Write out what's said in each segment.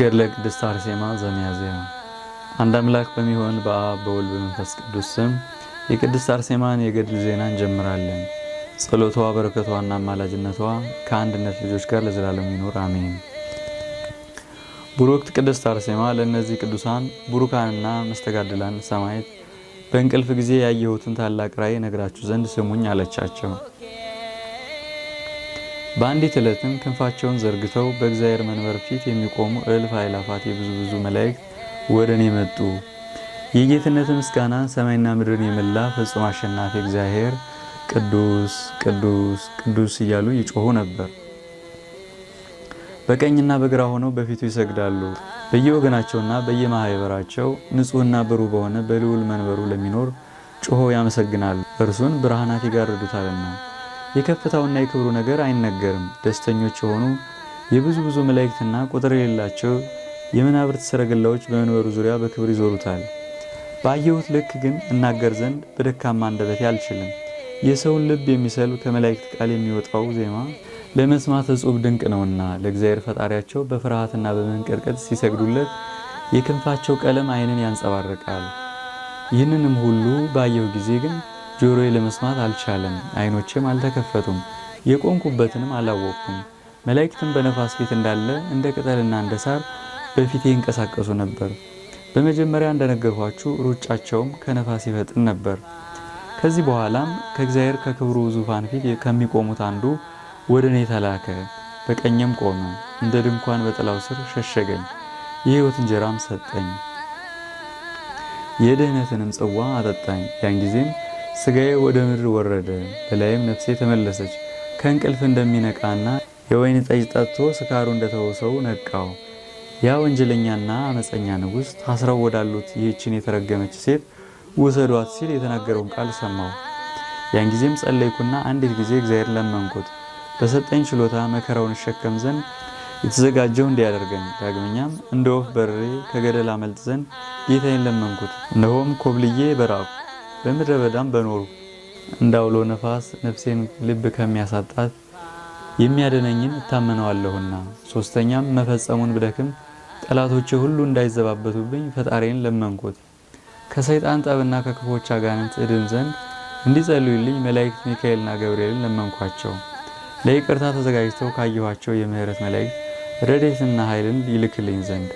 ገድለ ቅድስት አርሴማ ዘሚያዝያ። አንድ አምላክ በሚሆን በአብ በወልድ በመንፈስ ቅዱስ ስም የቅድስት አርሴማን የገድል ዜና እንጀምራለን። ጸሎቷ በረከቷና አማላጅነቷ ከአንድነት ልጆች ጋር ለዘላለም ይኖር አሜን። ቡሩክት ቅድስት አርሴማ ለእነዚህ ቅዱሳን ቡሩካንና መስተጋድላን ሰማዕት በእንቅልፍ ጊዜ ያየሁትን ታላቅ ራእይ ነግራችሁ ዘንድ ስሙኝ አለቻቸው። በአንዲት ዕለትም ክንፋቸውን ዘርግተው በእግዚአብሔር መንበር ፊት የሚቆሙ እልፍ አይላፋት የብዙ ብዙ መላእክት ወደ እኔ መጡ። የጌትነት ምስጋና ሰማይና ምድርን የመላ ፍጹም አሸናፊ እግዚአብሔር ቅዱስ ቅዱስ ቅዱስ እያሉ ይጮሁ ነበር። በቀኝና በግራ ሆነው በፊቱ ይሰግዳሉ። በየወገናቸውና በየማህበራቸው ንጹሕና ብሩህ በሆነ በልዑል መንበሩ ለሚኖር ጮሆ ያመሰግናል። እርሱን ብርሃናት ይጋርዱታልና። የከፍታውና የክብሩ ነገር አይነገርም። ደስተኞች የሆኑ የብዙ ብዙ መላእክትና ቁጥር የሌላቸው የመናብርት ሰረገላዎች በመንበሩ ዙሪያ በክብር ይዞሩታል። ባየሁት ልክ ግን እናገር ዘንድ በደካማ አንደበቴ አልችልም። የሰውን ልብ የሚሰል ከመላእክት ቃል የሚወጣው ዜማ ለመስማት እጹብ ድንቅ ነውና ለእግዚአብሔር ፈጣሪያቸው በፍርሃትና በመንቀጥቀጥ ሲሰግዱለት የክንፋቸው ቀለም ዓይንን ያንጸባርቃል። ይህንንም ሁሉ ባየሁ ጊዜ ግን ጆሮዬ ለመስማት አልቻለም፣ አይኖቼም አልተከፈቱም፣ የቆምኩበትንም አላወቅኩም። መላእክትም በነፋስ ፊት እንዳለ እንደ ቅጠልና እንደ ሳር በፊቴ ይንቀሳቀሱ ነበር። በመጀመሪያ እንደነገርኳችሁ ሩጫቸውም ከነፋስ ይፈጥን ነበር። ከዚህ በኋላም ከእግዚአብሔር ከክብሩ ዙፋን ፊት ከሚቆሙት አንዱ ወደ እኔ ተላከ። በቀኘም ቆመ፣ እንደ ድንኳን በጥላው ስር ሸሸገኝ። የሕይወት እንጀራም ሰጠኝ፣ የድህነትንም ጽዋ አጠጣኝ። ያን ጊዜም ስጋዬ ወደ ምድር ወረደ፣ በላይም ነፍሴ ተመለሰች። ከእንቅልፍ እንደሚነቃና የወይን ጠጅ ጠጥቶ ስካሩ እንደተወሰው ነቃው። ያ ወንጀለኛና አመፀኛ ንጉሥ ታስረው ወዳሉት ይህችን የተረገመች ሴት ውሰዷት ሲል የተናገረውን ቃል ሰማው። ያን ጊዜም ጸለይኩና አንዲት ጊዜ እግዚአብሔር ለመንኩት፣ በሰጠኝ ችሎታ መከራውን እሸከም ዘንድ የተዘጋጀው እንዲያደርገኝ። ዳግመኛም እንደ ወፍ በርሬ ከገደል አመልጥ ዘንድ ጌታዬን ለመንኩት። እነሆም ኮብልዬ በራኩ በምድረ በዳም በኖሩ እንዳውሎ ነፋስ ነፍሴን ልብ ከሚያሳጣት የሚያደነኝን እታመነዋለሁና። ሶስተኛም መፈጸሙን ብደክም ጠላቶቼ ሁሉ እንዳይዘባበቱብኝ ፈጣሪን ለመንኩት። ከሰይጣን ጠብና ከክፎች አጋንንት እድን ዘንድ እንዲጸልዩልኝ መላእክት ሚካኤልና ገብርኤልን ለመንኳቸው። ለይቅርታ ተዘጋጅተው ካየኋቸው የምህረት መላእክት ረዴትና ኃይልን ይልክልኝ ዘንድ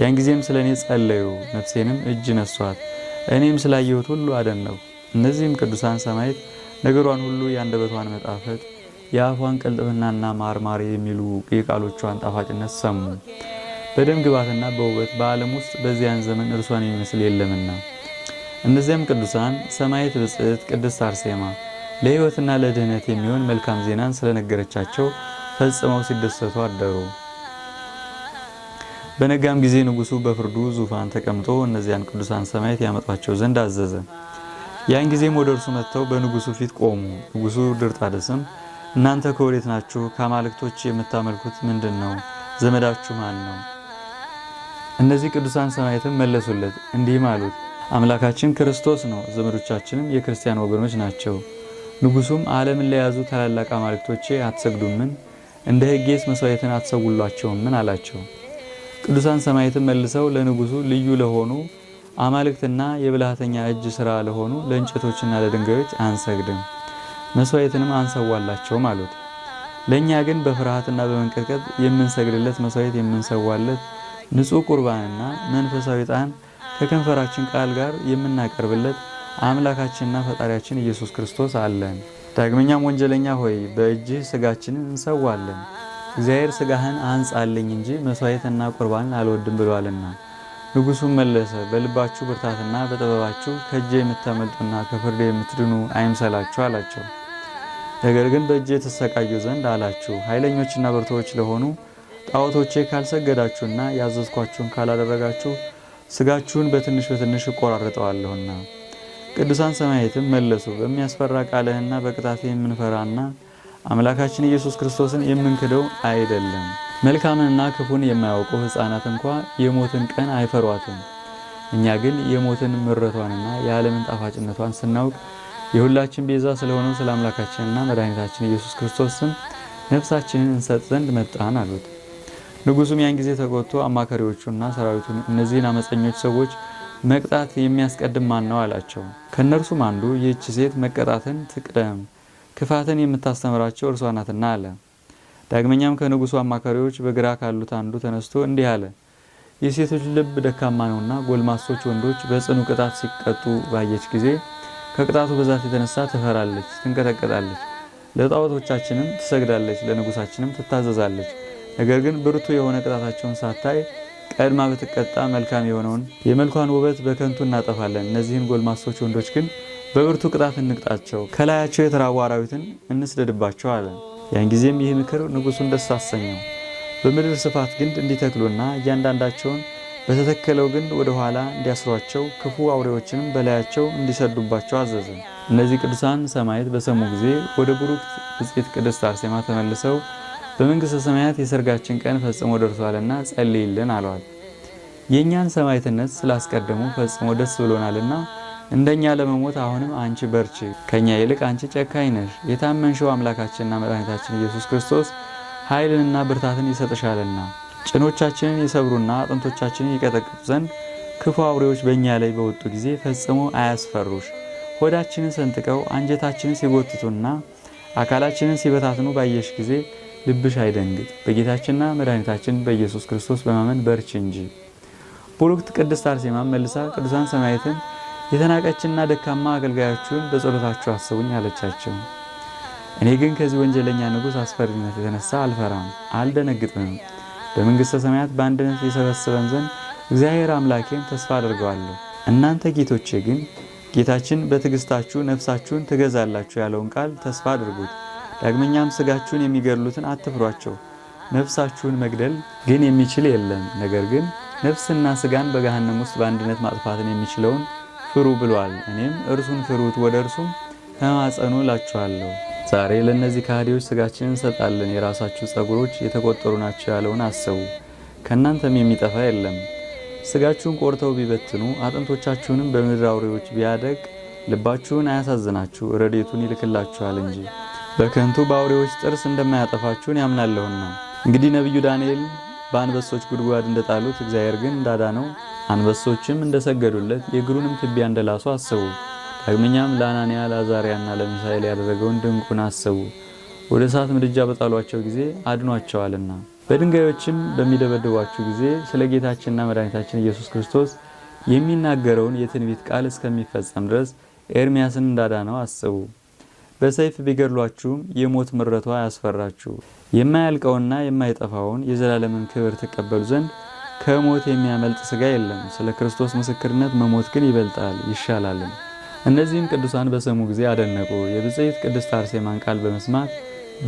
ያን ጊዜም ስለ እኔ ጸለዩ፣ ነፍሴንም እጅ ነሷት። እኔም ስላየሁት ሁሉ አደነቁ። እነዚህም ቅዱሳን ሰማዕት ነገሯን ሁሉ የአንደበቷን መጣፈጥ የአፏን ቅልጥፍናና ማርማሪ የሚሉ የቃሎቿን ጣፋጭነት ሰሙ። በደም ግባትና በውበት በዓለም ውስጥ በዚያን ዘመን እርሷን የሚመስል የለምና። እነዚያም ቅዱሳን ሰማዕት ብጽዕት ቅድስት አርሴማ ለሕይወትና ለድህነት የሚሆን መልካም ዜናን ስለነገረቻቸው ፈጽመው ሲደሰቱ አደሩ። በነጋም ጊዜ ንጉሱ በፍርዱ ዙፋን ተቀምጦ እነዚያን ቅዱሳን ሰማያት ያመጧቸው ዘንድ አዘዘ። ያን ጊዜም ወደ እርሱ መጥተው በንጉሱ ፊት ቆሙ። ንጉሱ ድርጣድስም እናንተ ከወዴት ናችሁ? ከአማልክቶች የምታመልኩት ምንድን ነው? ዘመዳችሁ ማን ነው? እነዚህ ቅዱሳን ሰማያትም መለሱለት እንዲህም አሉት፣ አምላካችን ክርስቶስ ነው፣ ዘመዶቻችንም የክርስቲያን ወገኖች ናቸው። ንጉሱም ዓለምን ለያዙ ታላላቅ አማልክቶቼ አትሰግዱምን? እንደ ሕጌስ መስዋዕትን አትሰውሏቸውምን? አላቸው። ቅዱሳን ሰማይትን መልሰው ለንጉሱ ልዩ ለሆኑ አማልክትና የብልሃተኛ እጅ ስራ ለሆኑ ለእንጨቶችና ለድንጋዮች አንሰግድም፣ መስዋዕትንም አንሰዋላቸውም አሉት። ለእኛ ግን በፍርሃትና በመንቀጥቀጥ የምንሰግድለት መስዋዕት የምንሰዋለት ንጹህ ቁርባንና መንፈሳዊ ጣን ከከንፈራችን ቃል ጋር የምናቀርብለት አምላካችንና ፈጣሪያችን ኢየሱስ ክርስቶስ አለን። ዳግመኛም ወንጀለኛ ሆይ በእጅህ ስጋችንን እንሰዋለን እግዚአብሔር ስጋህን አንጻልኝ እንጂ መስዋዕትና ቁርባንን አልወድም ብሏልና። ንጉሡም መለሰ፣ በልባችሁ ብርታትና በጥበባችሁ ከእጄ የምታመልጡና ከፍርድ የምትድኑ አይምሰላችሁ አላቸው። ነገር ግን በእጄ የተሰቃዩ ዘንድ አላችሁ። ኃይለኞችና ብርቶች ለሆኑ ጣዖቶቼ ካልሰገዳችሁና ያዘዝኳችሁን ካላደረጋችሁ ስጋችሁን በትንሽ በትንሽ እቆራርጠዋለሁና። ቅዱሳን ሰማዕታትም መለሱ፣ በሚያስፈራ ቃልህና በቅጣት የምንፈራና አምላካችን ኢየሱስ ክርስቶስን የምንክደው አይደለም። መልካምንና ክፉን የማያውቁ ሕፃናት እንኳ የሞትን ቀን አይፈሯትም። እኛ ግን የሞትን ምረቷንና የዓለምን ጣፋጭነቷን ስናውቅ የሁላችን ቤዛ ስለሆነው ስለ አምላካችንና መድኃኒታችን ኢየሱስ ክርስቶስ ነፍሳችንን እንሰጥ ዘንድ መጣን አሉት። ንጉሱም ያን ጊዜ ተቆጥቶ አማካሪዎቹና ሰራዊቱን እነዚህን አመፀኞች ሰዎች መቅጣት የሚያስቀድም ማን ነው አላቸው። ከእነርሱም አንዱ ይህች ሴት መቀጣትን ትቅደም ክፋትን የምታስተምራቸው እርሷ ናትና አለ። ዳግመኛም ከንጉሱ አማካሪዎች በግራ ካሉት አንዱ ተነስቶ እንዲህ አለ። የሴቶች ልብ ደካማ ነውና ጎልማሶች ወንዶች በጽኑ ቅጣት ሲቀጡ ባየች ጊዜ ከቅጣቱ ብዛት የተነሳ ትፈራለች፣ ትንቀጠቀጣለች፣ ለጣዖቶቻችንም ትሰግዳለች፣ ለንጉሳችንም ትታዘዛለች። ነገር ግን ብርቱ የሆነ ቅጣታቸውን ሳታይ ቀድማ ብትቀጣ መልካም የሆነውን የመልኳን ውበት በከንቱ እናጠፋለን። እነዚህን ጎልማሶች ወንዶች ግን በብርቱ ቅጣት እንቅጣቸው፣ ከላያቸው የተራቡ አራዊትን እንስደድባቸው አለ። ያን ጊዜም ይህ ምክር ንጉሱን ደስ አሰኘው። በምድር ስፋት ግንድ እንዲተክሉና እያንዳንዳቸውን በተተከለው ግንድ ወደ ኋላ እንዲያስሯቸው ክፉ አውሬዎችንም በላያቸው እንዲሰዱባቸው አዘዘ። እነዚህ ቅዱሳን ሰማዕት በሰሙ ጊዜ ወደ ቡሩክት ብጽዕት ቅድስት አርሴማ ተመልሰው በመንግሥተ ሰማያት የሰርጋችን ቀን ፈጽሞ ደርሷልና ጸልይልን አለዋል። የእኛን ሰማዕትነት ስላስቀደሙ ፈጽሞ ደስ ብሎናልና እንደኛ ለመሞት አሁንም አንቺ በርቺ፣ ከኛ ይልቅ አንቺ ጨካኝ ነሽ። የታመንሽው አምላካችንና መድኃኒታችን ኢየሱስ ክርስቶስ ኃይልንና ብርታትን ይሰጥሻልና ጭኖቻችንን ይሰብሩና አጥንቶቻችንን ይቀጠቅጡ ዘንድ ክፉ አውሬዎች በእኛ ላይ በወጡ ጊዜ ፈጽሞ አያስፈሩሽ። ሆዳችንን ሰንጥቀው አንጀታችንን ሲጎትቱና አካላችንን ሲበታትኑ ባየሽ ጊዜ ልብሽ አይደንግጥ። በጌታችንና መድኃኒታችን በኢየሱስ ክርስቶስ በማመን በርቺ እንጂ። ቡሩክት ቅድስት አርሴማ መልሳ ቅዱሳን ሰማዕታትን የተናቀችና ደካማ አገልጋዮቹን በጸሎታችሁ አስቡኝ አለቻቸው። እኔ ግን ከዚህ ወንጀለኛ ንጉሥ አስፈሪነት የተነሳ አልፈራም፣ አልደነግጥምም። በመንግሥተ ሰማያት በአንድነት የሰበስበን ዘንድ እግዚአብሔር አምላኬም ተስፋ አድርገዋለሁ። እናንተ ጌቶቼ ግን ጌታችን በትዕግሥታችሁ ነፍሳችሁን ትገዛላችሁ ያለውን ቃል ተስፋ አድርጉት። ዳግመኛም ሥጋችሁን የሚገድሉትን አትፍሯቸው። ነፍሳችሁን መግደል ግን የሚችል የለም። ነገር ግን ነፍስና ሥጋን በገሃነም ውስጥ በአንድነት ማጥፋትን የሚችለውን ፍሩ ብሏል። እኔም እርሱን ፍሩት ወደ እርሱም ተማጸኑ እላችኋለሁ። ዛሬ ለእነዚህ ከሃዲዎች ስጋችንን እንሰጣለን፣ የራሳችሁ ጸጉሮች የተቆጠሩ ናቸው ያለውን አስቡ። ከእናንተም የሚጠፋ የለም። ስጋችሁን ቆርተው ቢበትኑ አጥንቶቻችሁንም በምድር አውሬዎች ቢያደግ ልባችሁን አያሳዝናችሁ፣ ረዴቱን ይልክላችኋል እንጂ በከንቱ በአውሬዎች ጥርስ እንደማያጠፋችሁን ያምናለሁና። እንግዲህ ነቢዩ ዳንኤል በአንበሶች ጉድጓድ እንደጣሉት እግዚአብሔር ግን እንዳዳነው አንበሶችም እንደሰገዱለት የእግሩንም ትቢያ እንደላሱ አሰቡ። ዳግመኛም ለአናንያ ለአዛርያና ለሚሳኤል ያደረገውን ድንቁን አሰቡ። ወደ እሳት ምድጃ በጣሏቸው ጊዜ አድኗቸዋልና። በድንጋዮችም በሚደበድቧችሁ ጊዜ ስለ ጌታችንና መድኃኒታችን ኢየሱስ ክርስቶስ የሚናገረውን የትንቢት ቃል እስከሚፈጸም ድረስ ኤርሚያስን እንዳዳነው አስቡ። በሰይፍ ቢገድሏችሁም የሞት ምረቷ አያስፈራችሁ። የማያልቀውና የማይጠፋውን የዘላለምን ክብር ትቀበሉ ዘንድ ከሞት የሚያመልጥ ስጋ የለም። ስለ ክርስቶስ ምስክርነት መሞት ግን ይበልጣል ይሻላልም። እነዚህም ቅዱሳን በሰሙ ጊዜ አደነቁ። የብጽሕት ቅድስት አርሴማን ቃል በመስማት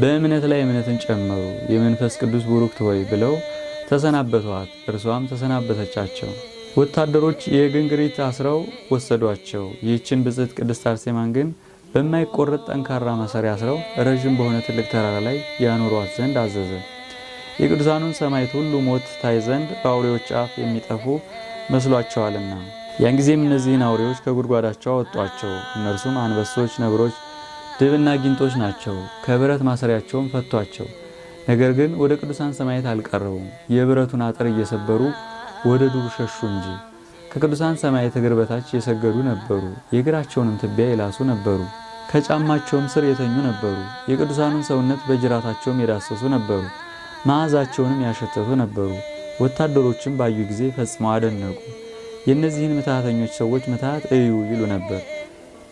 በእምነት ላይ እምነትን ጨመሩ። የመንፈስ ቅዱስ ቡሩክት ሆይ ብለው ተሰናበቷት፣ እርሷም ተሰናበተቻቸው። ወታደሮች የግንግሪት አስረው ወሰዷቸው። ይህችን ብጽሕት ቅድስት አርሴማን ግን በማይቆረጥ ጠንካራ መሰሪያ አስረው ረዥም በሆነ ትልቅ ተራራ ላይ ያኖሯት ዘንድ አዘዘ። የቅዱሳኑን ሰማዕት ሁሉ ሞት ታይ ዘንድ በአውሬዎች አፍ የሚጠፉ መስሏቸዋልና። ያን ጊዜም እነዚህን አውሬዎች ከጉድጓዳቸው አወጧቸው። እነርሱም አንበሶች፣ ነብሮች፣ ድብና ጊንጦች ናቸው። ከብረት ማሰሪያቸውም ፈቷቸው። ነገር ግን ወደ ቅዱሳን ሰማዕት አልቀረቡም። የብረቱን አጥር እየሰበሩ ወደ ዱር ሸሹ እንጂ ከቅዱሳን ሰማዕት እግር በታች የሰገዱ ነበሩ። የእግራቸውንም ትቢያ የላሱ ነበሩ። ከጫማቸውም ስር የተኙ ነበሩ። የቅዱሳኑን ሰውነት በጅራታቸውም የዳሰሱ ነበሩ፣ መዓዛቸውንም ያሸተቱ ነበሩ። ወታደሮችም ባዩ ጊዜ ፈጽመው አደነቁ። የእነዚህን ምትሃተኞች ሰዎች ምትሃት እዩ ይሉ ነበር።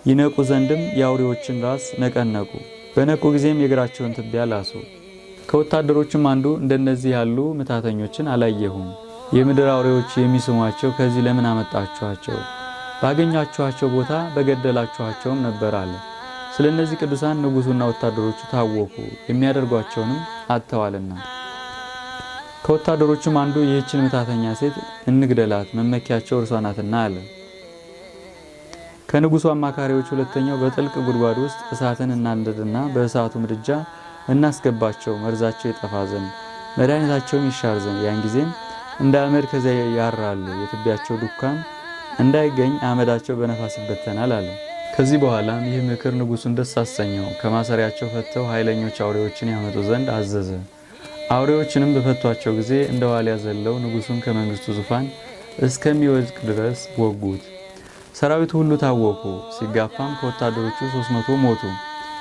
ይነቁ ዘንድም የአውሬዎችን ራስ ነቀነቁ። በነቁ ጊዜም የእግራቸውን ትቢያ ላሱ። ከወታደሮችም አንዱ እንደነዚህ ያሉ ምትሃተኞችን አላየሁም። የምድር አውሬዎች የሚስሟቸው ከዚህ ለምን አመጣችኋቸው? ባገኛችኋቸው ቦታ በገደላችኋቸውም ነበር አለ። ስለ እነዚህ ቅዱሳን ንጉሱና ወታደሮቹ ታወቁ፣ የሚያደርጓቸውንም አጥተዋልና። ከወታደሮቹም አንዱ ይህችን መታተኛ ሴት እንግደላት፣ መመኪያቸው እርሷ ናትና አለ። ከንጉሱ አማካሪዎች ሁለተኛው በጥልቅ ጉድጓድ ውስጥ እሳትን እናንደድና በእሳቱ ምድጃ እናስገባቸው፣ መርዛቸው ይጠፋ ዘንድ መድኃኒታቸውም ይሻር ዘንድ። ያን ጊዜም እንደ አመድ ከዚያ ያራሉ፣ የትቢያቸው ዱካም እንዳይገኝ አመዳቸው በነፋስ ይበተናል አለ። ከዚህ በኋላም ይህ ምክር ንጉሱን ደስ አሰኘው። ከማሰሪያቸው ፈተው ኃይለኞች አውሬዎችን ያመጡ ዘንድ አዘዘ። አውሬዎችንም በፈቷቸው ጊዜ እንደ ዋልያ ዘለው ንጉሱን ከመንግስቱ ዙፋን እስከሚወድቅ ድረስ ወጉት። ሰራዊቱ ሁሉ ታወቁ። ሲጋፋም ከወታደሮቹ 300 ሞቱ።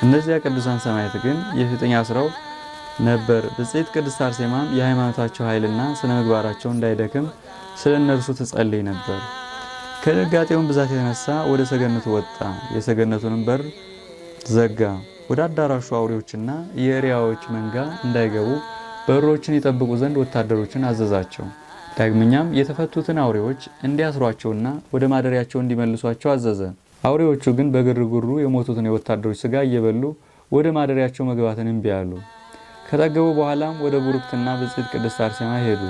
እነዚያ ቅዱሳን ሰማያት ግን የፍጥኛ ስራው ነበር። ብጽዕት ቅድስት አርሴማም የሃይማኖታቸው ኃይልና ስነ ምግባራቸው እንዳይደክም ስለ እነርሱ ትጸልይ ነበር። ከድንጋጤውም ብዛት የተነሳ ወደ ሰገነቱ ወጣ። የሰገነቱንም በር ዘጋ። ወደ አዳራሹ አውሬዎችና የእሪያዎች መንጋ እንዳይገቡ በሮችን ይጠብቁ ዘንድ ወታደሮችን አዘዛቸው። ዳግመኛም የተፈቱትን አውሬዎች እንዲያስሯቸውና ወደ ማደሪያቸው እንዲመልሷቸው አዘዘ። አውሬዎቹ ግን በግርግሩ የሞቱትን የወታደሮች ስጋ እየበሉ ወደ ማደሪያቸው መግባትን እምቢ አሉ። ከጠገቡ በኋላም ወደ ቡርክትና ብጽዕት ቅድስት አርሴማ ሄዱ።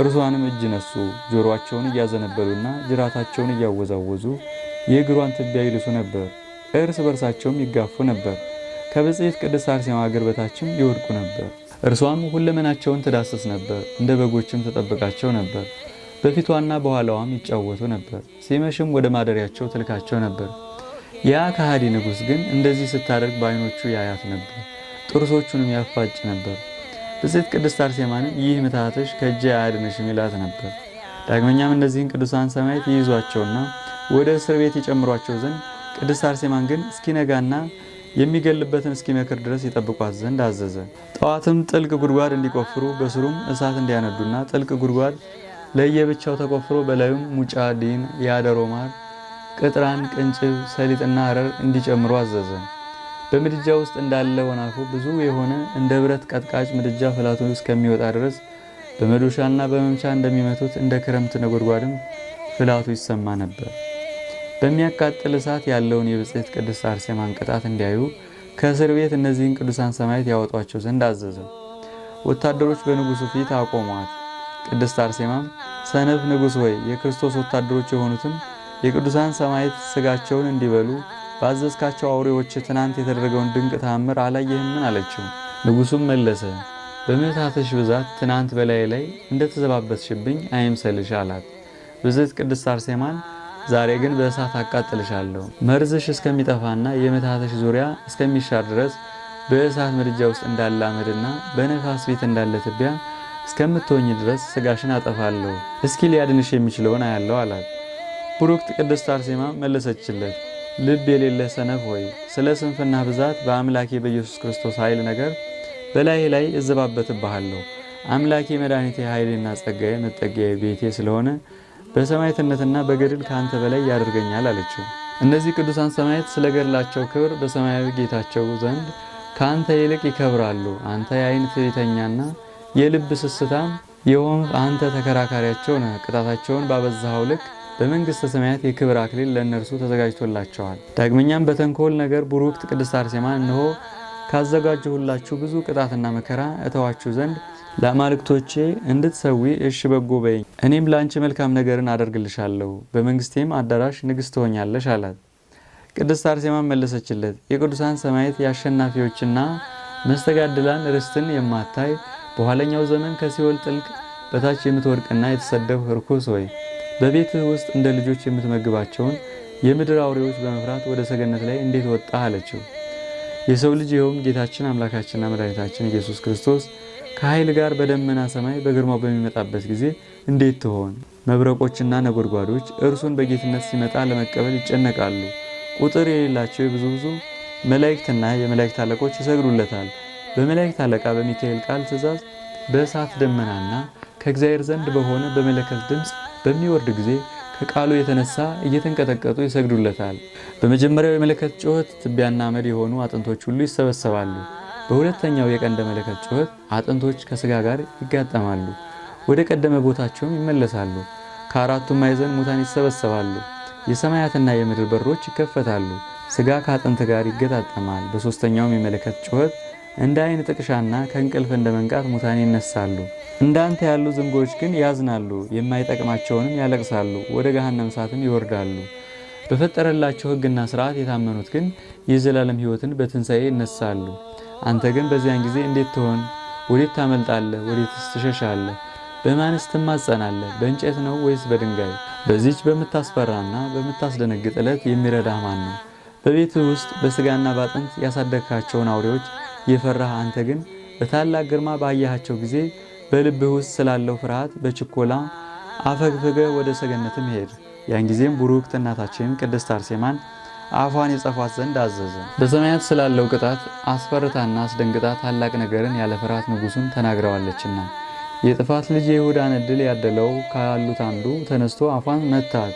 እርሷንም እጅ ነሱ። ጆሮአቸውን እያዘነበሉና ጅራታቸውን እያወዛወዙ የእግሯን ትቢያ ይልሱ ነበር። እርስ በርሳቸውም ይጋፉ ነበር። ከብጽሕት ቅድስት አርሴማ እግር በታችም ይወድቁ ነበር። እርሷም ሁለመናቸውን ትዳስስ ነበር፣ እንደ በጎችም ተጠብቃቸው ነበር። በፊቷና በኋላዋም ይጫወቱ ነበር። ሲመሽም ወደ ማደሪያቸው ትልካቸው ነበር። ያ ከሃዲ ንጉሥ ግን እንደዚህ ስታደርግ በዓይኖቹ ያያት ነበር፣ ጥርሶቹንም ያፋጭ ነበር። ብጽት ቅድስት አርሴማንም ይህ ምትሃትሽ ከእጄ አያድንሽም ይላት ነበር። ዳግመኛም እነዚህን ቅዱሳን ሰማዕት ይይዟቸውና ወደ እስር ቤት ይጨምሯቸው ዘንድ ቅድስት አርሴማን ግን እስኪነጋና የሚገልበትን እስኪመክር ድረስ ይጠብቋት ዘንድ አዘዘ። ጠዋትም ጥልቅ ጉድጓድ እንዲቆፍሩ በስሩም እሳት እንዲያነዱና ጥልቅ ጉድጓድ ለየብቻው ተቆፍሮ በላዩም ሙጫ፣ ዲን፣ የአደሮ ማር፣ ቅጥራን፣ ቅንጭብ፣ ሰሊጥና አረር እንዲጨምሩ አዘዘ። በምድጃ ውስጥ እንዳለ ወናፉ ብዙ የሆነ እንደ ብረት ቀጥቃጭ ምድጃ ፍላቱ እስከሚወጣ ድረስ በመዶሻና በመምቻ እንደሚመቱት እንደ ክረምት ነጎድጓድም ፍላቱ ይሰማ ነበር። በሚያቃጥል እሳት ያለውን የብጽሕት ቅድስት አርሴማን ቅጣት እንዲያዩ ከእስር ቤት እነዚህን ቅዱሳን ሰማዕታት ያወጧቸው ዘንድ አዘዘ። ወታደሮች በንጉሱ ፊት አቆሟት። ቅድስት አርሴማም ሰነፍ ንጉሥ ወይ፣ የክርስቶስ ወታደሮች የሆኑትን የቅዱሳን ሰማዕታት ስጋቸውን እንዲበሉ ባዘዝካቸው አውሬዎች ትናንት የተደረገውን ድንቅ ተአምር አላየህምን አለችው። ንጉሱም መለሰ በምሕታትሽ ብዛት ትናንት በላይ ላይ እንደተዘባበትሽብኝ አይምሰልሽ አላት። ብዝት ቅድስት አርሴማን ዛሬ ግን በእሳት አቃጥልሻለሁ፣ መርዝሽ እስከሚጠፋና የምሕታትሽ ዙሪያ እስከሚሻር ድረስ በእሳት ምድጃ ውስጥ እንዳለ አመድና በነፋስ ቤት እንዳለ ትቢያ እስከምትሆኝ ድረስ ስጋሽን አጠፋለሁ። እስኪ ሊያድንሽ የሚችለውን አያለው አላት። ቡሩክት ቅድስት አርሴማ መለሰችለት ልብ የሌለ ሰነፍ ሆይ ስለ ስንፍና ብዛት በአምላኬ በኢየሱስ ክርስቶስ ኃይል ነገር በላይ ላይ እዘባበትብሃለሁ። አምላኬ መድኃኒቴ፣ ኃይሌና ጸጋዬ፣ መጠጊያዬ፣ ቤቴ ስለሆነ በሰማዕትነትና በገድል ከአንተ በላይ ያደርገኛል አለችው። እነዚህ ቅዱሳን ሰማዕት ስለ ገድላቸው ክብር በሰማያዊ ጌታቸው ዘንድ ከአንተ ይልቅ ይከብራሉ። አንተ የአይን ትዕቢተኛና የልብ ስስታም የሆንህ አንተ ተከራካሪያቸው ነህ። ቅጣታቸውን ባበዛኸው ልክ በመንግሥተ ሰማያት የክብር አክሊል ለእነርሱ ተዘጋጅቶላቸዋል። ዳግመኛም በተንኮል ነገር ቡሩክት ቅድስት አርሴማ እንሆ ካዘጋጀሁላችሁ ብዙ ቅጣትና መከራ እተዋችሁ ዘንድ ለአማልክቶቼ እንድትሰዊ እሽ በጎ በይኝ፣ እኔም ለአንቺ መልካም ነገርን አደርግልሻለሁ፣ በመንግሥቴም አዳራሽ ንግሥት ትሆኛለሽ አላት። ቅድስት አርሴማን መለሰችለት፣ የቅዱሳን ሰማዕታት የአሸናፊዎችና መስተጋድላን ርስትን የማታይ በኋለኛው ዘመን ከሲኦል ጥልቅ በታች የምትወድቅና የተሰደብ ርኩስ ወይ በቤትህ ውስጥ እንደ ልጆች የምትመግባቸውን የምድር አውሬዎች በመፍራት ወደ ሰገነት ላይ እንዴት ወጣህ አለችው። የሰው ልጅ ይኸውም ጌታችን አምላካችንና መድኃኒታችን ኢየሱስ ክርስቶስ ከኃይል ጋር በደመና ሰማይ በግርማው በሚመጣበት ጊዜ እንዴት ትሆን? መብረቆችና ነጎድጓዶች እርሱን በጌትነት ሲመጣ ለመቀበል ይጨነቃሉ። ቁጥር የሌላቸው የብዙ ብዙ መላእክትና የመላእክት አለቆች ይሰግዱለታል። በመላእክት አለቃ በሚካኤል ቃል ትእዛዝ በእሳት ደመናና ከእግዚአብሔር ዘንድ በሆነ በመለከት ድምፅ በሚወርድ ጊዜ ከቃሉ የተነሳ እየተንቀጠቀጡ ይሰግዱለታል። በመጀመሪያው የመለከት ጩኸት ትቢያና አመድ የሆኑ አጥንቶች ሁሉ ይሰበሰባሉ። በሁለተኛው የቀንደ መለከት ጩኸት አጥንቶች ከሥጋ ጋር ይጋጠማሉ፣ ወደ ቀደመ ቦታቸውም ይመለሳሉ። ከአራቱም ማዕዘን ሙታን ይሰበሰባሉ። የሰማያትና የምድር በሮች ይከፈታሉ። ሥጋ ከአጥንት ጋር ይገጣጠማል። በሦስተኛውም የመለከት ጩኸት እንደ አይን ጥቅሻና ከእንቅልፍ እንደ መንቃት ሙታን ይነሳሉ። እንዳንተ ያሉ ዝንጎች ግን ያዝናሉ፣ የማይጠቅማቸውንም ያለቅሳሉ፣ ወደ ገሃነም እሳትም ይወርዳሉ። በፈጠረላቸው ሕግና ስርዓት የታመኑት ግን የዘላለም ሕይወትን በትንሣኤ ይነሳሉ። አንተ ግን በዚያን ጊዜ እንዴት ትሆን? ወዴት ታመልጣለህ? ወዴትስ ትሸሻለህ? በማንስ ትማጸናለህ? በእንጨት ነው ወይስ በድንጋይ? በዚች በምታስፈራና በምታስደነግጥ ዕለት የሚረዳህ ማን ነው? በቤትህ ውስጥ በሥጋና ባጥንት ያሳደግካቸውን አውሬዎች የፈራህ አንተ ግን በታላቅ ግርማ ባያሃቸው ጊዜ በልብህ ውስጥ ስላለው ፍርሃት በችኮላ አፈግፍገ ወደ ሰገነትም ሄድ። ያን ጊዜም ቡሩክት እናታችን ቅድስት አርሴማን አፏን የጸፏት ዘንድ አዘዘ። በሰማያት ስላለው ቅጣት አስፈርታና አስደንግጣ ታላቅ ነገርን ያለ ፍርሃት ንጉሱን ተናግረዋለችና የጥፋት ልጅ የይሁዳን እድል ያደለው ካሉት አንዱ ተነስቶ አፏን መታት።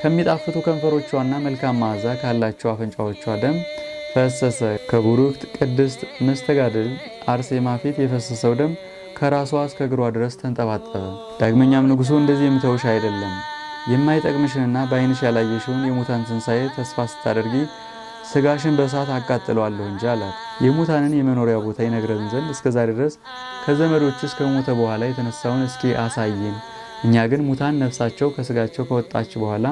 ከሚጣፍቱ ከንፈሮቿና መልካም መዓዛ ካላቸው አፈንጫዎቿ ደም ፈሰሰ። ከቡሩክት ቅድስት መስተጋድል አርሴማ ፊት የፈሰሰው ደም ከራሷ እስከ እግሯ ድረስ ተንጠባጠበ። ዳግመኛም ንጉሡ እንደዚህ የምተውሽ አይደለም የማይጠቅምሽንና በዓይንሽ ያላየሽውን የሙታን ትንሣኤ ተስፋ ስታደርጊ ስጋሽን በእሳት አቃጥለዋለሁ እንጂ አላት። የሙታንን የመኖሪያ ቦታ ይነግረን ዘንድ እስከዛሬ ድረስ ከዘመዶች እስከ ሞተ በኋላ የተነሳውን እስኪ አሳይን። እኛ ግን ሙታን ነፍሳቸው ከስጋቸው ከወጣች በኋላ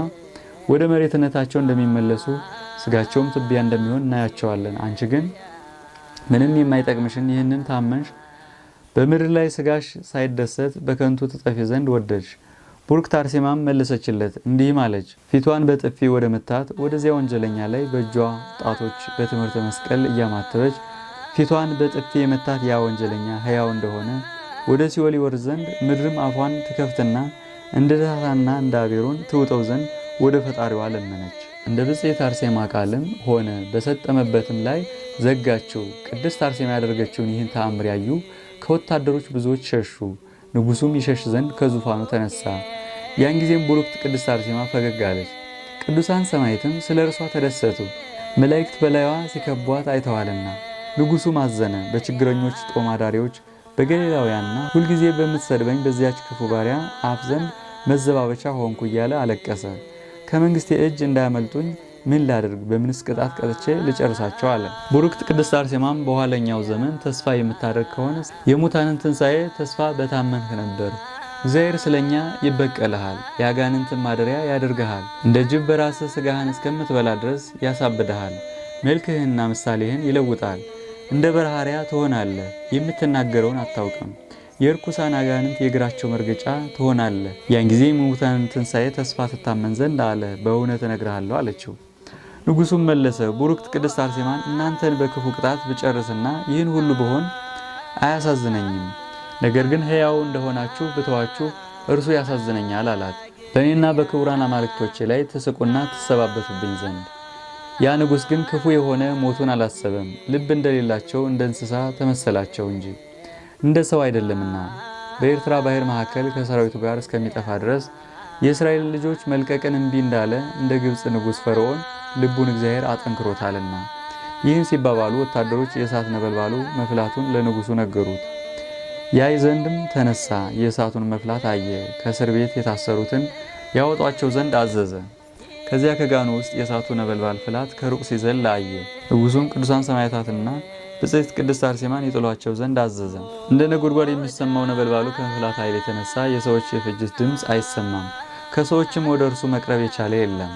ወደ መሬትነታቸው እንደሚመለሱ ስጋቸውም ትቢያ እንደሚሆን እናያቸዋለን። አንቺ ግን ምንም የማይጠቅምሽን ይህንን ታመንሽ፣ በምድር ላይ ስጋሽ ሳይደሰት በከንቱ ትጠፊ ዘንድ ወደድሽ። ቡርክ ታርሴማም መለሰችለት እንዲህም አለች፣ ፊቷን በጥፊ ወደ መታት ወደዚያ ወንጀለኛ ላይ በእጇ ጣቶች በትምህርተ መስቀል እያማተበች ፊቷን በጥፊ የመታት ያ ወንጀለኛ ሕያው እንደሆነ ወደ ሲኦል ይወርድ ዘንድ ምድርም አፏን ትከፍትና እንደ ዳታና እንደ አቤሮን ትውጠው ዘንድ ወደ ፈጣሪዋ ለመነች። እንደ ብጽዕት አርሴማ ቃልም ሆነ በሰጠመበትም ላይ ዘጋቸው። ቅድስት አርሴማ ያደረገችውን ይህን ተአምር ያዩ ከወታደሮች ብዙዎች ሸሹ። ንጉሱም ይሸሽ ዘንድ ከዙፋኑ ተነሳ። ያን ጊዜም ቡሩክት ቅድስት አርሴማ ፈገግ አለች። ቅዱሳን ሰማይትም ስለ እርሷ ተደሰቱ፣ መላእክት በላይዋ ሲከቧት አይተዋልና። ንጉሱም አዘነ። በችግረኞች ጦማዳሪዎች አዳሪዎች በገሊላውያንና ሁልጊዜ በምትሰድበኝ በዚያች ክፉ ባሪያ አፍ ዘንድ መዘባበቻ ሆንኩ እያለ አለቀሰ። ከመንግስቴ እጅ እንዳያመልጡኝ ምን ላድርግ? በምንስ ቅጣት ቀጥቼ ልጨርሳቸው? አለ። ቡርክት ቅድስት አርሴማም በኋለኛው ዘመን ተስፋ የምታደርግ ከሆነ የሙታንን ትንሣኤ ተስፋ በታመንህ ነበር። እግዚአብሔር ስለኛ ይበቀልሃል፣ የአጋንንትን ማደሪያ ያደርግሃል፣ እንደ ጅብ በራስ ስጋህን እስከምትበላ ድረስ ያሳብድሃል፣ መልክህና ምሳሌህን ይለውጣል፣ እንደ በረሃሪያ ትሆናለህ፣ የምትናገረውን አታውቅም። የርኩሳን አጋንንት የእግራቸው መርገጫ ትሆናለ ያን ጊዜ የሙታንን ትንሣኤ ተስፋ ትታመን ዘንድ አለ፣ በእውነት እነግርሃለሁ አለችው። ንጉሡም መለሰ፣ ቡሩክት ቅድስት አርሴማን እናንተን በክፉ ቅጣት ብጨርስና ይህን ሁሉ ብሆን አያሳዝነኝም። ነገር ግን ሕያው እንደሆናችሁ ብተዋችሁ እርሱ ያሳዝነኛል አላት፣ በእኔና በክቡራን አማልክቶች ላይ ትስቁና ትሰባበቱብኝ ዘንድ። ያ ንጉሥ ግን ክፉ የሆነ ሞቱን አላሰበም፣ ልብ እንደሌላቸው እንደ እንስሳ ተመሰላቸው እንጂ እንደ ሰው አይደለምና በኤርትራ ባህር መካከል ከሰራዊቱ ጋር እስከሚጠፋ ድረስ የእስራኤል ልጆች መልቀቅን እምቢ እንዳለ እንደ ግብፅ ንጉሥ ፈርዖን ልቡን እግዚአብሔር አጠንክሮታልና። ይህን ሲባባሉ ወታደሮች የእሳት ነበልባሉ መፍላቱን ለንጉሱ ነገሩት። ያይ ዘንድም ተነሳ፣ የእሳቱን መፍላት አየ። ከእስር ቤት የታሰሩትን ያወጧቸው ዘንድ አዘዘ። ከዚያ ከጋኑ ውስጥ የእሳቱ ነበልባል ፍላት ከሩቅ ሲዘል አየ። ንጉሱም ቅዱሳን ሰማዕታትና ብጽሕት ቅድስት አርሴማን ይጥሏቸው ዘንድ አዘዘ። እንደ ነጎድጓድ የሚሰማው ነበልባሉ ከመፍላት ኃይል የተነሳ የሰዎች የፍጅት ድምፅ አይሰማም፣ ከሰዎችም ወደ እርሱ መቅረብ የቻለ የለም።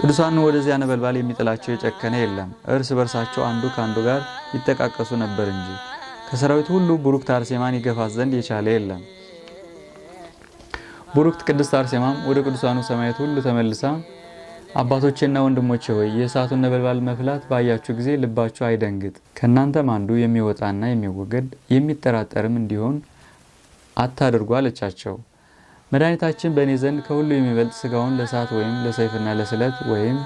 ቅዱሳን ወደዚያ ነበልባል የሚጥላቸው የጨከነ የለም። እርስ በርሳቸው አንዱ ከአንዱ ጋር ይጠቃቀሱ ነበር እንጂ ከሰራዊት ሁሉ ቡሩክት አርሴማን ይገፋት ዘንድ የቻለ የለም። ቡሩክት ቅድስት አርሴማም ወደ ቅዱሳኑ ሰማያት ሁሉ ተመልሳ አባቶቼና ወንድሞቼ ሆይ የእሳቱን ነበልባል መፍላት ባያችሁ ጊዜ ልባችሁ አይደንግጥ። ከእናንተም አንዱ የሚወጣና የሚወገድ የሚጠራጠርም እንዲሆን አታድርጉ አለቻቸው። መድኃኒታችን በእኔ ዘንድ ከሁሉ የሚበልጥ ስጋውን ለእሳት ወይም ለሰይፍና ለስለት ወይም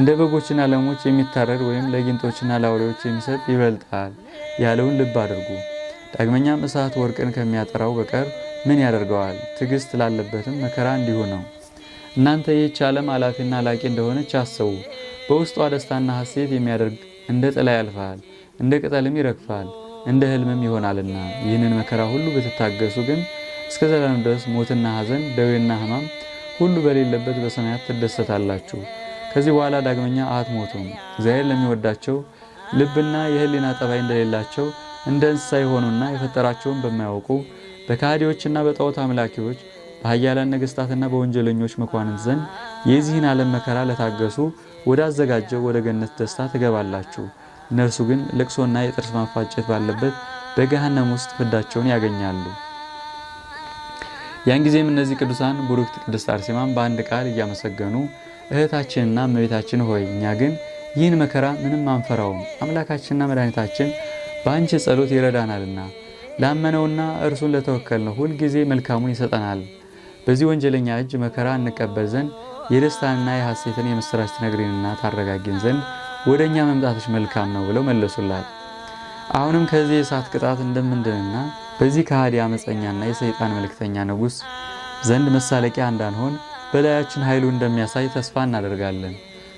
እንደ በጎችና ለሞች የሚታረድ ወይም ለጊንጦችና ለአውሬዎች የሚሰጥ ይበልጣል ያለውን ልብ አድርጉ። ዳግመኛም እሳት ወርቅን ከሚያጠራው በቀር ምን ያደርገዋል? ትዕግስት ላለበትም መከራ እንዲሁ ነው። እናንተ ይህች ዓለም አላፊና አላቂ እንደሆነች አስቡ። በውስጧ ደስታና ሐሴት የሚያደርግ እንደ ጥላ ያልፋል፣ እንደ ቅጠልም ይረግፋል፣ እንደ ህልምም ይሆናልና። ይህንን መከራ ሁሉ ብትታገሱ ግን እስከ ዘላለም ድረስ ሞትና ሐዘን ደዌና ህማም ሁሉ በሌለበት በሰማያት ትደሰታላችሁ። ከዚህ በኋላ ዳግመኛ አትሞቱም። እግዚአብሔር ለሚወዳቸው ልብና የህሊና ጠባይ እንደሌላቸው እንደ እንስሳ የሆኑና የፈጠራቸውን በማያውቁ በካህዲዎችና በጣዖት አምላኪዎች በኃያላን ነገስታትና በወንጀለኞች መኳንንት ዘንድ የዚህን ዓለም መከራ ለታገሱ ወዳዘጋጀው ወደ ገነት ደስታ ትገባላችሁ። እነርሱ ግን ልቅሶና የጥርስ ማፋጨት ባለበት በገሃነም ውስጥ ፍዳቸውን ያገኛሉ። ያን ጊዜም እነዚህ ቅዱሳን ቡሩክት ቅድስት አርሴማን በአንድ ቃል እያመሰገኑ እህታችንና እመቤታችን ሆይ እኛ ግን ይህን መከራ ምንም አንፈራውም፣ አምላካችንና መድኃኒታችን በአንቺ ጸሎት ይረዳናልና ላመነውና እርሱን ለተወከልነው ሁልጊዜ መልካሙን ይሰጠናል። በዚህ ወንጀለኛ እጅ መከራ እንቀበል ዘንድ የደስታንና የሐሴትን የምሥራች ትነግሪንና ታረጋጊን ዘንድ ወደ እኛ መምጣትሽ መልካም ነው ብለው መለሱላት። አሁንም ከዚህ የእሳት ቅጣት እንደምንድንና በዚህ ከሃዲ አመፀኛና የሰይጣን መልክተኛ ንጉሥ ዘንድ መሳለቂያ እንዳንሆን በላያችን ኃይሉ እንደሚያሳይ ተስፋ እናደርጋለን።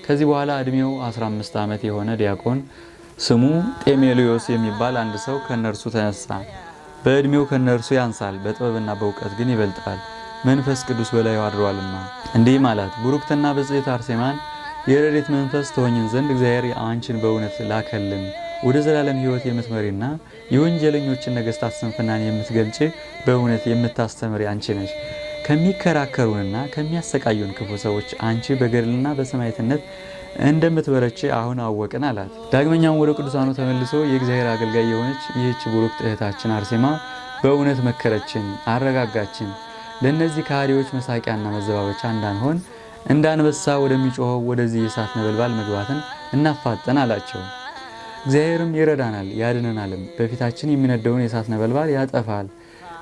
ከዚህ በኋላ ዕድሜው 15 ዓመት የሆነ ዲያቆን ስሙ ጤሜሊዮስ የሚባል አንድ ሰው ከነርሱ ተነሳ። በዕድሜው ከነርሱ ያንሳል፣ በጥበብና በእውቀት ግን ይበልጣል። መንፈስ ቅዱስ በላዩ አድሯልና። እንዲህም አላት፣ ቡሩክትና ብጽዕት አርሴማን የረድኤት መንፈስ ትሆኝን ዘንድ እግዚአብሔር አንቺን በእውነት ላከልን። ወደ ዘላለም ሕይወት የምትመሪና የወንጀለኞችን ነገስታት ስንፍናን የምትገልጪ በእውነት የምታስተምሪ አንቺ ነሽ። ከሚከራከሩንና ከሚያሰቃዩን ክፉ ሰዎች አንቺ በገድልና በሰማዕትነት እንደምትበረች አሁን አወቅን አላት። ዳግመኛም ወደ ቅዱሳኑ ተመልሶ የእግዚአብሔር አገልጋይ የሆነች ይህች ቡሩክት እህታችን አርሴማ በእውነት መከረችን፣ አረጋጋችን። ለእነዚህ ካሪዎች መሳቂያና መዘባበቻ እንዳንሆን እንደ አንበሳ ወደሚጮኸው ወደዚህ የእሳት ነበልባል መግባትን እናፋጠን አላቸው። እግዚአብሔርም ይረዳናል ያድነናልም፣ በፊታችን የሚነደውን የእሳት ነበልባል ያጠፋል።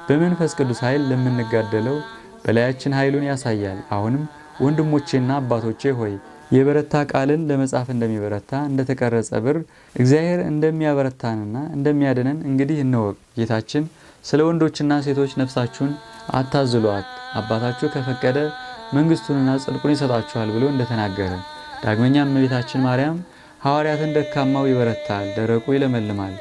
በመንፈስ ቅዱስ ኃይል ለምንጋደለው በላያችን ኃይሉን ያሳያል። አሁንም ወንድሞቼና አባቶቼ ሆይ የበረታ ቃልን ለመጻፍ እንደሚበረታ እንደተቀረጸ ብር እግዚአብሔር እንደሚያበረታንና እንደሚያድነን እንግዲህ እንወቅ። ጌታችን ስለ ወንዶችና ሴቶች ነፍሳችሁን አታዝሏት፣ አባታችሁ ከፈቀደ መንግስቱንና ጽድቁን ይሰጣችኋል ብሎ እንደተናገረ ዳግመኛ እመቤታችን ማርያም ሐዋርያትን ደካማው ይበረታል፣ ደረቁ ይለመልማል፣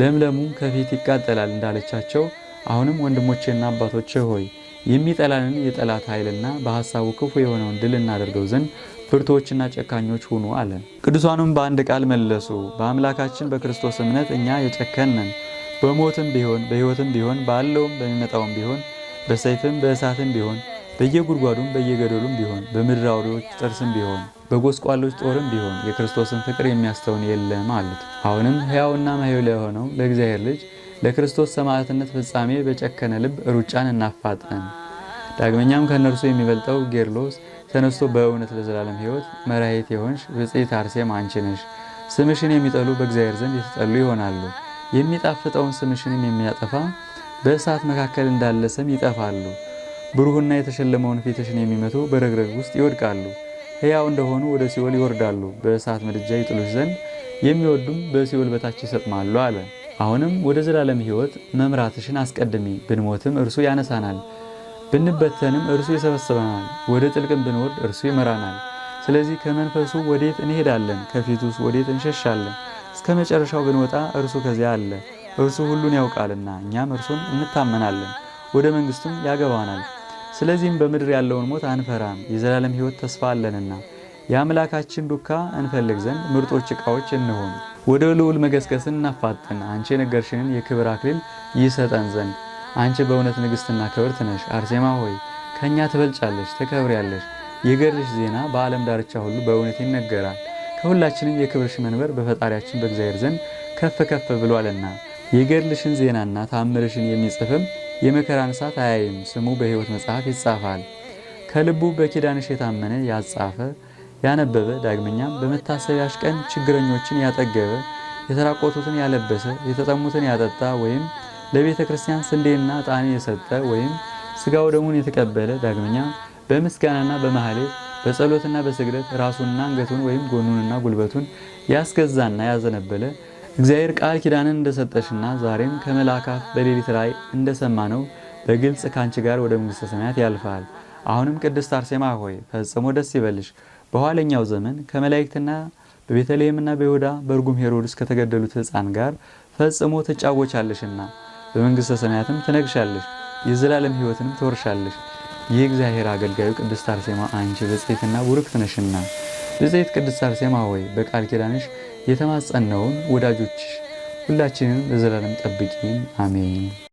ለምለሙ ከፊት ይቃጠላል እንዳለቻቸው አሁንም ወንድሞቼና አባቶቼ ሆይ የሚጠላንን የጠላት ኃይልና በሐሳቡ ክፉ የሆነውን ድል እናደርገው ዘንድ ብርቶችና ጨካኞች ሁኑ አለ። ቅዱሳኑም በአንድ ቃል መለሱ፣ በአምላካችን በክርስቶስ እምነት እኛ የጨከንን በሞትም ቢሆን በሕይወትም ቢሆን ባለውም በሚመጣውም ቢሆን በሰይፍም በእሳትም ቢሆን በየጉድጓዱም በየገደሉም ቢሆን በምድር አውሬዎች ጥርስም ቢሆን በጎስቋሎች ጦርም ቢሆን የክርስቶስን ፍቅር የሚያስተውን የለም አሉት። አሁንም ሕያውና መሄው ለሆነው ለእግዚአብሔር ልጅ ለክርስቶስ ሰማዕትነት ፍጻሜ በጨከነ ልብ ሩጫን እናፋጠን ዳግመኛም ከእነርሱ የሚበልጠው ጌርሎስ ተነስቶ በእውነት ለዘላለም ሕይወት መራሄት የሆንሽ ብጽዕት አርሴም አንቺ ነሽ። ስምሽን የሚጠሉ በእግዚአብሔር ዘንድ የተጠሉ ይሆናሉ። የሚጣፍጠውን ስምሽንም የሚያጠፋ በእሳት መካከል እንዳለ ሰም ይጠፋሉ። ብሩህና የተሸለመውን ፊትሽን የሚመቱ በረግረግ ውስጥ ይወድቃሉ። ሕያው እንደሆኑ ወደ ሲኦል ይወርዳሉ። በእሳት ምድጃ ይጥሉሽ ዘንድ የሚወዱም በሲኦል በታች ይሰጥማሉ አለ። አሁንም ወደ ዘላለም ሕይወት መምራትሽን አስቀድሚ። ብንሞትም እርሱ ያነሳናል፣ ብንበተንም እርሱ ይሰበስበናል፣ ወደ ጥልቅም ብንወርድ እርሱ ይመራናል። ስለዚህ ከመንፈሱ ወዴት እንሄዳለን? ከፊቱስ ወዴት እንሸሻለን? እስከ መጨረሻው ብንወጣ እርሱ ከዚያ አለ። እርሱ ሁሉን ያውቃልና እኛም እርሱን እንታመናለን፣ ወደ መንግስቱም ያገባናል። ስለዚህም በምድር ያለውን ሞት አንፈራም፣ የዘላለም ሕይወት ተስፋ አለንና የአምላካችን ዱካ እንፈልግ ዘንድ ምርጦች ዕቃዎች እንሆን። ወደ ልዑል መገስገስን እናፋጥን፣ አንቺ የነገርሽንን የክብር አክሊል ይሰጠን ዘንድ። አንቺ በእውነት ንግሥትና ክብርት ነሽ። አርሴማ ሆይ ከእኛ ትበልጫለሽ፣ ትከብሪያለሽ። የገድልሽ ዜና በዓለም ዳርቻ ሁሉ በእውነት ይነገራል። ከሁላችንም የክብርሽ መንበር በፈጣሪያችን በእግዚአብሔር ዘንድ ከፍ ከፍ ብሏልና የገድልሽን ዜናና ታምርሽን የሚጽፍም የመከራን ሰዓት አያይም። ስሙ በሕይወት መጽሐፍ ይጻፋል። ከልቡ በኪዳንሽ የታመነ ያጻፈ ያነበበ፣ ዳግመኛም በመታሰቢያሽ ቀን ችግረኞችን ያጠገበ፣ የተራቆቱትን ያለበሰ፣ የተጠሙትን ያጠጣ ወይም ለቤተ ክርስቲያን ስንዴና ዕጣን የሰጠ ወይም ስጋው ደሙን የተቀበለ፣ ዳግመኛ በምስጋናና በማህሌት በጸሎትና በስግደት ራሱንና አንገቱን ወይም ጎኑንና ጉልበቱን ያስገዛና ያዘነበለ እግዚአብሔር ቃል ኪዳንን እንደሰጠሽና ዛሬም ከመላእክት በሌሊት ላይ እንደሰማነው በግልጽ ካንቺ ጋር ወደ መንግሥተ ሰማያት ያልፋል። አሁንም ቅድስት አርሴማ ሆይ ፈጽሞ ደስ ይበልሽ። በኋለኛው ዘመን ከመላእክትና በቤተልሔምና በይሁዳ በእርጉም ሄሮድስ ከተገደሉት ሕፃን ጋር ፈጽሞ ትጫወቻለሽና በመንግሥተ ሰማያትም ትነግሻለሽ፣ የዘላለም ሕይወትንም ትወርሻለሽ። ይህ እግዚአብሔር አገልጋዩ ቅድስት አርሴማ አንቺ ብጽሕትና ቡርክት ነሽና። ብጽሕት ቅድስት አርሴማ ሆይ በቃል ኪዳንሽ የተማጸነውን ወዳጆች ሁላችንን ለዘላለም ጠብቂን፣ አሜን።